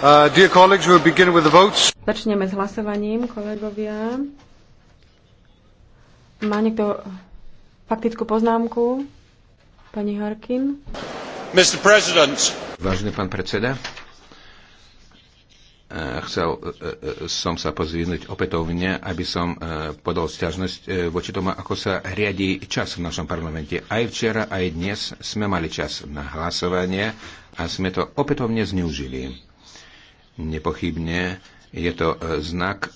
Uh, we'll Začneme s hlasovaním, kolegovia. Má niekto faktickú poznámku? Pani Harkin. Vážený pán predseda, eh, chcel eh, eh, som sa pozvihnúť opätovne, aby som podal stiažnosť voči tomu, ako sa riadi čas v našom parlamente. Aj včera, aj dnes sme mali čas na hlasovanie a sme to opätovne zneužili Nepochybne je to e, znak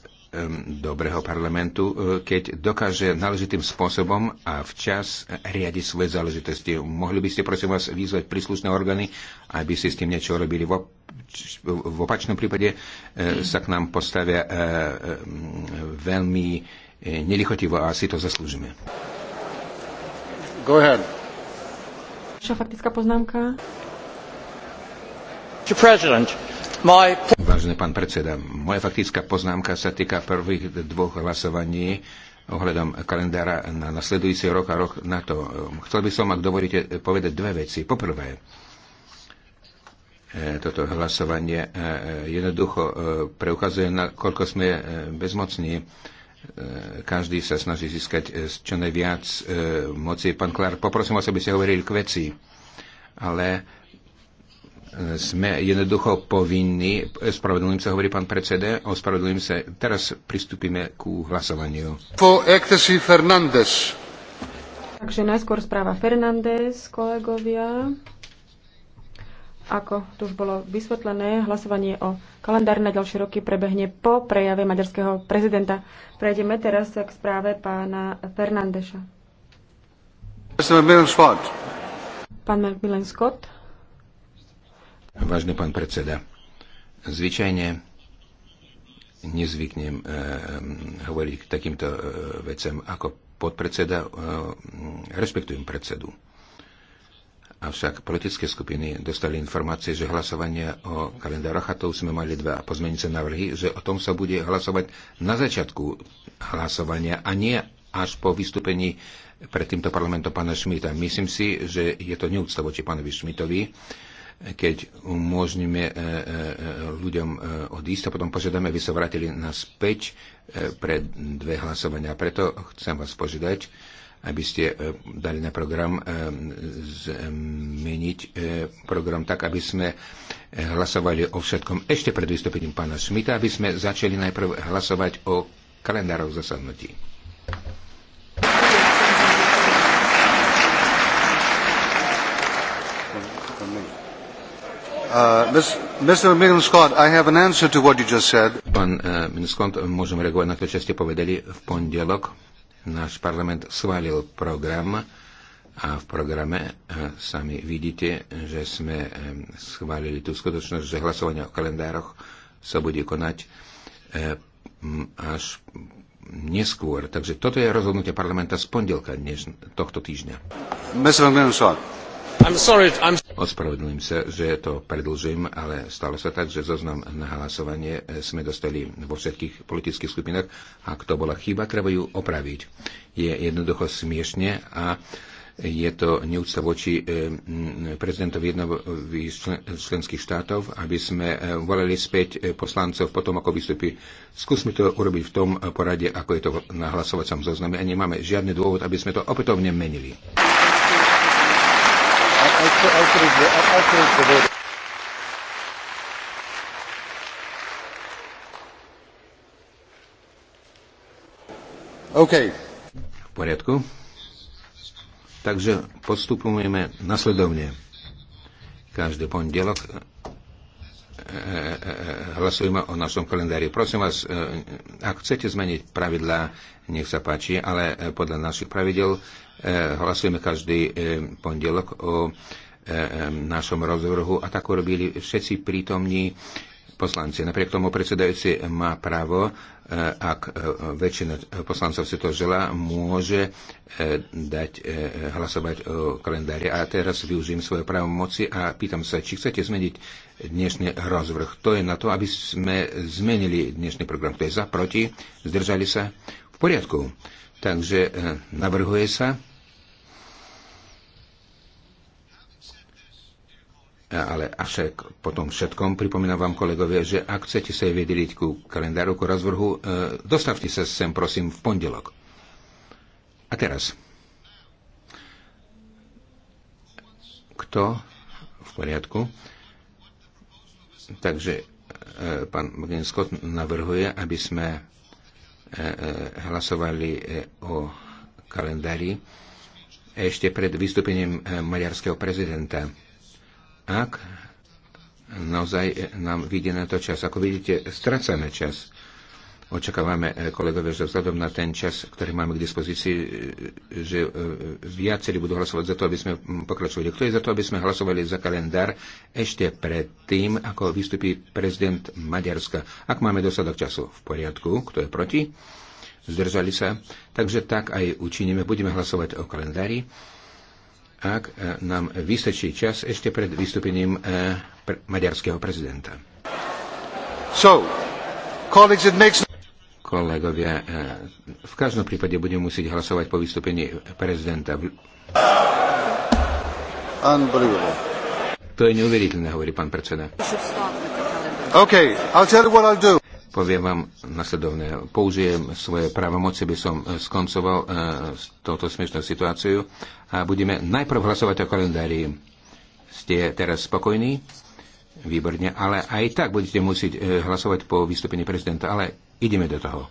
dobrého parlamentu, e, keď dokáže náležitým spôsobom a včas riadiť svoje záležitosti. Mohli by ste, prosím vás, vyzvať príslušné orgány, aby si s tým niečo robili. V opačnom prípade e, sa k nám postavia veľmi nelichotivo a si to zaslúžime. Go ahead. Čo faktická poznámka? Mr. President, Vážený pán predseda, moja faktická poznámka sa týka prvých dvoch hlasovaní ohľadom kalendára na nasledujúci rok a rok na to. Chcel by som, ak dovolíte, povedať dve veci. Poprvé, e, toto hlasovanie e, jednoducho e, preukazuje, nakoľko sme bezmocní. Každý sa snaží získať čo najviac moci. Pán Klár, poprosím vás, aby ste hovorili k veci. Ale sme jednoducho povinní, spravedlňujem sa, hovorí pán predseda, ospravedlňujem sa, teraz pristúpime ku hlasovaniu. Po Ektesi Fernández. Takže najskôr správa Fernández, kolegovia. Ako tu už bolo vysvetlené, hlasovanie o kalendári na ďalšie roky prebehne po prejave maďarského prezidenta. Prejdeme teraz k správe pána Fernandeša. Pán Macmillan Scott. Vážny pán predseda, zvyčajne nezvyknem e, hovoriť k takýmto e, vecem ako podpredseda. E, respektujem predsedu. Avšak politické skupiny dostali informácie, že hlasovanie o kalendároch a to sme mali dva pozmenice návrhy, že o tom sa bude hlasovať na začiatku hlasovania a nie až po vystúpení pred týmto parlamentom pána Šmita. Myslím si, že je to neúcta voči pánovi Šmitovi, keď umožníme e, e, e, ľuďom odísť a potom požiadame, aby sa vrátili naspäť pre dve hlasovania. Preto chcem vás požiadať, aby ste dali na program zmeniť program tak, aby sme hlasovali o všetkom ešte pred vystúpením pána Šmita, aby sme začali najprv hlasovať o kalendárov zasadnutí. Pán uh, Scott, uh, môžem reagovať na to, čo ste povedali. V pondelok náš parlament schválil program a v programe uh, sami vidíte, že sme um, schválili tú skutočnosť, že hlasovanie o kalendároch sa bude konať uh, až neskôr. Takže toto je rozhodnutie parlamenta z pondelka dneš, tohto týždňa. I'm sorry, I'm... Ospravedlňujem sa, že to predlžím, ale stalo sa tak, že zoznam na hlasovanie eh, sme dostali vo všetkých politických skupinách a to bola chyba, treba ju opraviť. Je jednoducho smiešne a je to neúcta voči eh, prezidentovi jedného z členských štátov, aby sme eh, volali späť poslancov potom, ako vystupí. Skúsme to urobiť v tom porade, ako je to na hlasovacom zozname a nemáme žiadny dôvod, aby sme to opätovne menili. OK. V poriadku. Takže postupujeme nasledovne. Každý pondelok Eh, eh, hlasujeme o našom kalendári. Prosím vás, eh, ak chcete zmeniť pravidla, nech sa páči, ale podľa našich pravidel hlasujeme každý pondelok o našom rozvrhu a tak robili všetci prítomní poslanci. Napriek tomu predsedajúci má právo, e, ak e, väčšina poslancov si to žela, môže e, dať hlasovať o kalendári. A teraz využijem svoje právo moci a pýtam sa, či chcete zmeniť dnešný rozvrh. To je na to, aby sme zmenili dnešný program. Kto je za, proti, zdržali sa? V poriadku. Takže navrhuje sa Ale avšak potom všetkom pripomínam vám, kolegovia, že ak chcete sa vydeliť ku kalendáru, ku rozvrhu, e, dostavte sa sem, prosím, v pondelok. A teraz. Kto? V poriadku. Takže e, pán Magen Scott navrhuje, aby sme e, hlasovali o kalendári ešte pred vystúpením maďarského prezidenta ak naozaj nám vyjde na to čas. Ako vidíte, strácame čas. Očakávame, eh, kolegovia, že vzhľadom na ten čas, ktorý máme k dispozícii, eh, že eh, viacerí budú hlasovať za to, aby sme pokračovali. Kto je za to, aby sme hlasovali za kalendár ešte pred tým, ako vystupí prezident Maďarska? Ak máme dosadok času, v poriadku. Kto je proti? Zdržali sa. Takže tak aj učiníme. Budeme hlasovať o kalendári ak e, nám vystačí čas ešte pred vystúpením e, maďarského prezidenta. So, colleagues, it makes... No- Kolegovia, e, v každom prípade budem musieť hlasovať po vystúpení prezidenta. Unbelievable. To je neuveriteľné, hovorí pán predseda. Okay, I'll tell you what I'll do poviem vám nasledovne. Použijem svoje právomoci, by som eh, skoncoval eh, s touto smiešnou situáciou a budeme najprv hlasovať o kalendári. Ste teraz spokojní? Výborne, ale aj tak budete musieť eh, hlasovať po vystúpení prezidenta, ale ideme do toho.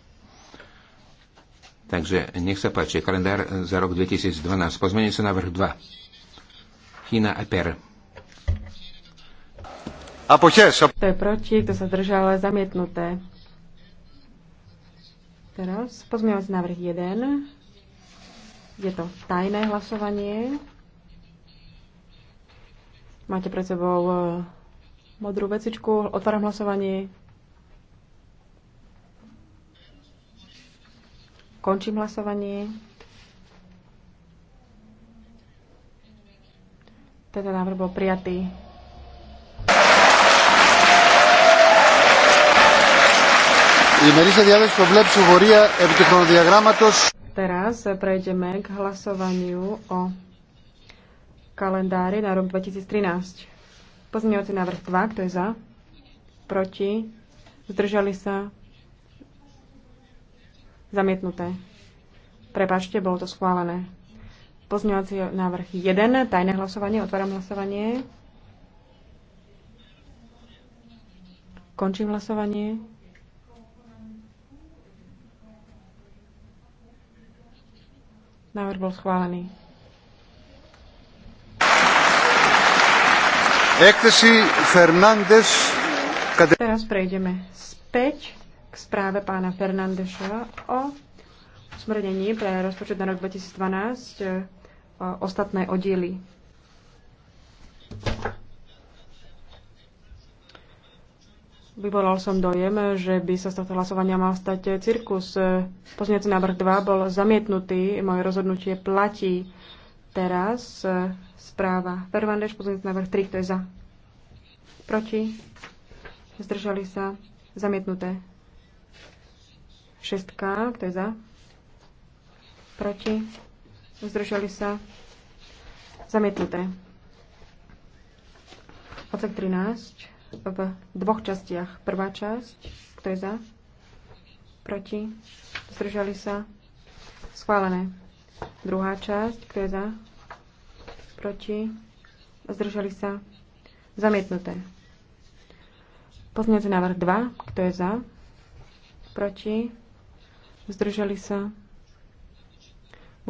Takže nech sa páči, kalendár za rok 2012. Pozmenie sa vrch 2. Chyna a Per. A počas. To je proti, kto sa držal, zamietnuté. Teraz pozmeňovací návrh 1. Je to tajné hlasovanie. Máte pred sebou e, modrú vecičku. Otváram hlasovanie. Končím hlasovanie. Tento návrh bol prijatý. Teraz prejdeme k hlasovaniu o kalendári na rok 2013. Pozmeňovací návrh 2, kto je za? Proti? Zdržali sa? Zamietnuté. Prepačte, bolo to schválené. Pozmeňovací návrh 1, tajné hlasovanie, otváram hlasovanie. Končím hlasovanie. Návrh bol schválený. Έκθεση Fernández. Teraz prejdeme späť k správe pána Fernandeša o smrdení pre rozpočet na rok 2012 e, ostatné oddiely. Vyvolal som dojem, že by sa z tohto hlasovania mal stať cirkus. Pozniaci návrh 2 bol zamietnutý, moje rozhodnutie platí. Teraz správa Fervandeš, pozniaci návrh 3, kto je za? Proti? Zdržali sa? Zamietnuté. Šestka, kto je za? Proti? Zdržali sa? Zamietnuté. Odsek 13 v dvoch častiach. Prvá časť, kto je za? Proti? Zdržali sa? Schválené. Druhá časť, kto je za? Proti? Zdržali sa? Zamietnuté. Pozňujúci návrh 2, kto je za? Proti? Zdržali sa?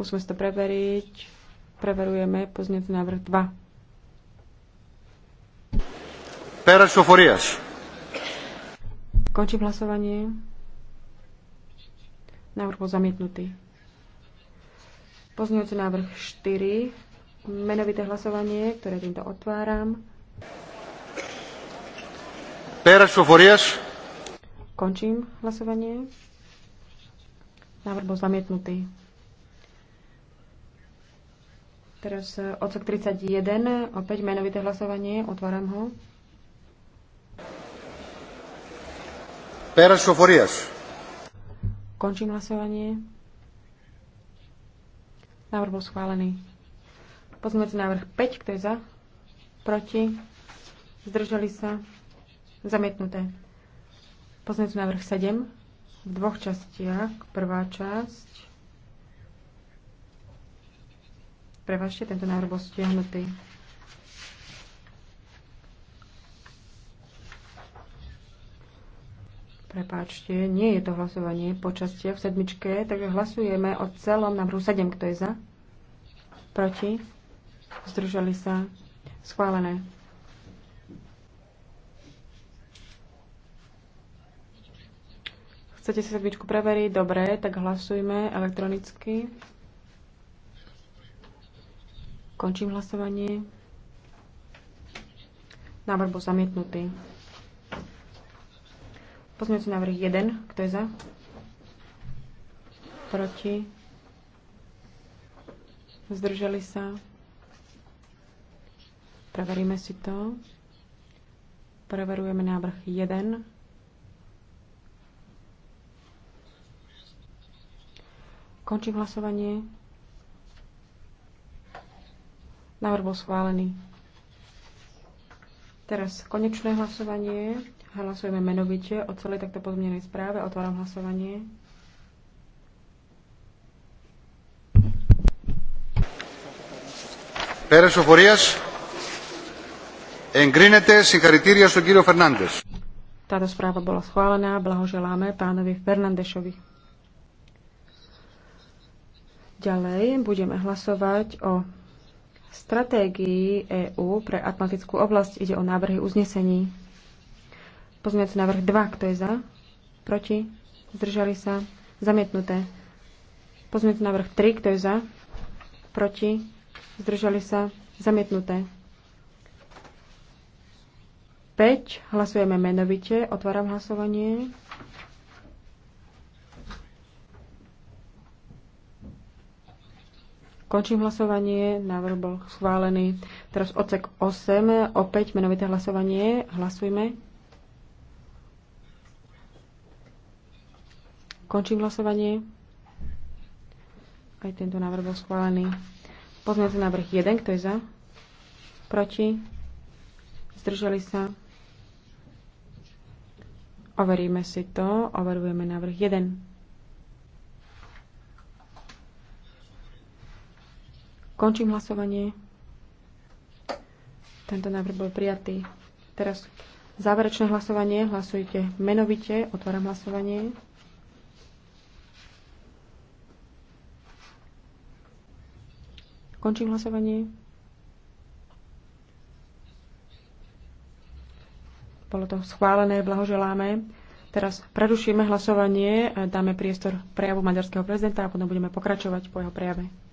Musíme si to preveriť. Preverujeme pozňujúci návrh 2. Končím hlasovanie. Návrh bol zamietnutý. Pozňujúci návrh 4. Menovité hlasovanie, ktoré týmto otváram. Končím hlasovanie. Návrh bol zamietnutý. Teraz eh, odsek 31, opäť menovité hlasovanie, otváram ho. Pérez Foforias. Končím hlasovanie. Návrh bol schválený. Pozmeňujúci návrh 5, kto je za? Proti? Zdržali sa? Zamietnuté. Pozmeňujúci návrh 7 v dvoch častiach. Prvá časť. Prevažte, tento návrh bol stiahnutý. Prepáčte, nie je to hlasovanie po častiach v sedmičke, takže hlasujeme o celom návrhu 7. Kto je za? Proti? Zdržali sa? Schválené. Chcete si sedmičku preveriť? Dobre, tak hlasujme elektronicky. Končím hlasovanie. Návrh bol zamietnutý. Pozmeňujúci návrh 1. Kto je za? Proti? Zdržali sa? Preveríme si to. Preverujeme návrh 1. Končím hlasovanie. Návrh bol schválený. Teraz konečné hlasovanie. Hlasujeme menovite o celej takto pozmenenej správe. Otváram hlasovanie. Pérez Oforías. Εγκρίνεται. Συγχαρητήρια στον κύριο Φερνάντες. Táto správa bola schválená. Blahoželáme pánovi Fernandešovi. Ďalej budeme hlasovať o stratégii EÚ pre Atlantickú oblasť. Ide o návrhy uznesení. Pozmeňovací návrh 2. Kto je za? Proti? Zdržali sa? Zamietnuté. Pozmeňovací návrh 3. Kto je za? Proti? Zdržali sa? Zamietnuté. 5. Hlasujeme menovite. Otváram hlasovanie. Končím hlasovanie, návrh bol schválený. Teraz odsek 8, opäť menovité hlasovanie. Hlasujme. Končím hlasovanie. Aj tento návrh bol schválený. Pozmeňujúci návrh 1, kto je za? Proti? Zdržali sa? Overíme si to. Overujeme návrh 1. Končím hlasovanie. Tento návrh bol prijatý. Teraz záverečné hlasovanie. Hlasujte menovite. Otváram hlasovanie. Končím hlasovanie. Bolo to schválené, blahoželáme. Teraz prerušíme hlasovanie, dáme priestor prejavu maďarského prezidenta a potom budeme pokračovať po jeho prejave.